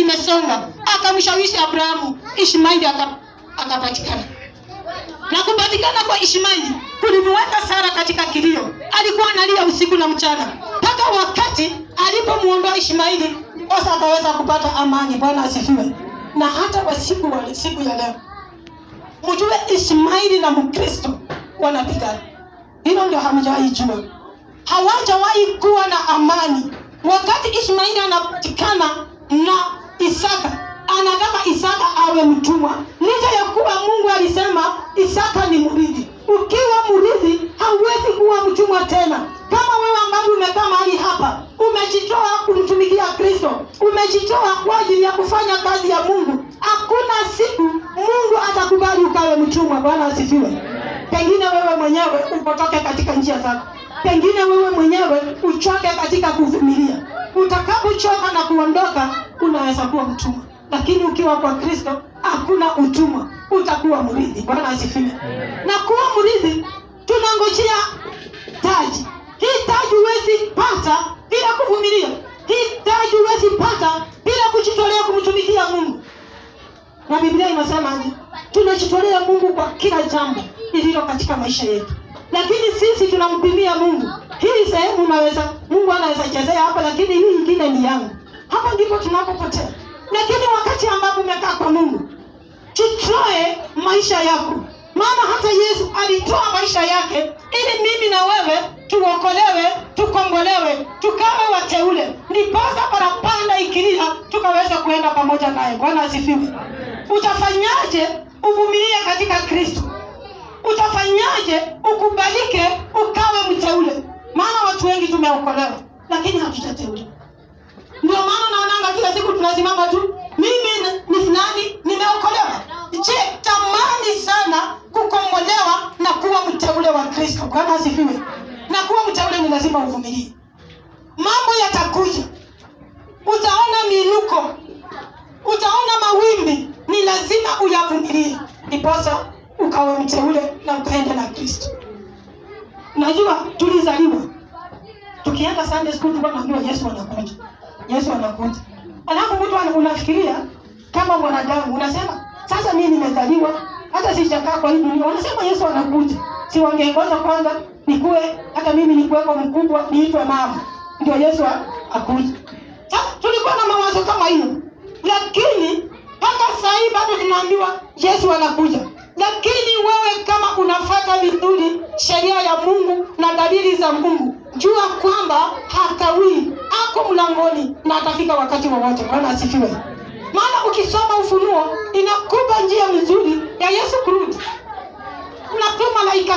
imesonga, akamshawishi Abrahamu, Ishmaili akapatikana, na kupatikana kwa Ishmaeli kulimweka Sara katika kilio. Alikuwa analia usiku na mchana mpaka wakati alipomuondoa Ishmaeli Osa akaweza kupata amani. Bwana asifiwe. Na hata kwa siku wa siku ya leo mjue Ishmaeli na Mkristo wanapigana. Hilo ndio hamjawahi jua, hawajawahi kuwa na amani wakati Ishmaeli anapatikana na Isaka anataka Isaka awe mtumwa, licha ya kuwa Mungu alisema Isaka ni mrithi. Ukiwa mrithi hauwezi kuwa mtumwa tena. Kama wewe ambavyo umekaa mahali hapa, umejitoa kumtumikia Kristo, umejitoa kwa ajili ya kufanya kazi ya Mungu, hakuna siku Mungu atakubali ukawe mtumwa. Bwana asifiwe. Pengine wewe mwenyewe upotoke katika njia zako, pengine wewe mwenyewe uchoke katika kuvumilia utakapochoka na kuondoka, unaweza kuwa mtumwa, lakini ukiwa kwa Kristo hakuna utumwa, utakuwa mrithi. Bwana asifiwe. Na kuwa mrithi, tunangojea taji. Hii taji huwezi pata bila kuvumilia. Hii taji huwezi pata bila kujitolea kumtumikia Mungu, na Biblia inasemaje? Tunajitolea Mungu kwa kila jambo lililo katika maisha yetu, lakini sisi tunampimia Mungu hii sehemu naweza Mungu anaweza chezea hapa, lakini hii nyingine ni yangu. Hapo ndipo tunapopotea. Lakini wakati ambapo umekaa kwa Mungu, tutoe maisha yako, maana hata Yesu alitoa maisha yake ili mimi na wewe tuokolewe, tukombolewe, tukawe wateule, ndiposa parapanda ikilia tukaweza kuenda pamoja naye. Bwana asifiwe. Utafanyaje uvumilie katika Kristo? Utafanyaje ukubalike tumeokolewa, lakini hatujateuliwa. Ndio maana naonanga kila siku tunasimama tu, mimi ni fulani, nimeokolewa. Je, tamani sana kukombolewa na kuwa mteule wa Kristo. Bwana asifiwe. Na kuwa mteule ni lazima uvumilie, mambo yatakuja, utaona miinuko, utaona mawimbi, ni lazima uyavumilie ndiposa ukawe mteule na ukaenda na Kristo. Najua tulizaliwa Tukienda Sunday school tulikuwa tunaambiwa Yesu anakuja. Yesu anakuja. Alafu mtu unafikiria kama mwanadamu unasema sasa mimi nimezaliwa hata sijakaa kwa hii dunia. Unasema Yesu anakuja. Si wangeongoza kwanza nikue hata mimi nikuweko mkubwa niitwe mama. Ndio Yesu akuja. Sasa tulikuwa na mawazo kama hiyo. Lakini mpaka sasa hivi bado tunaambiwa Yesu anakuja. Lakini wewe kama unafata vizuri sheria ya Mungu na dalili za Mungu, jua kwamba hakawii, ako mlangoni na atafika wakati wowote. Bwana asifiwe. Maana ukisoma Ufunuo inakupa njia nzuri ya Yesu kurudi. Unapewa malaika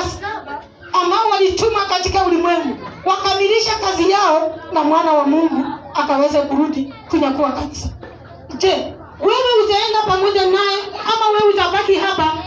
ambao walituma katika ulimwengu wakamilisha kazi yao, na mwana wa Mungu akaweza kurudi kunyakuwa kanisa. Je, wewe utaenda pamoja naye ama wewe utabaki hapa?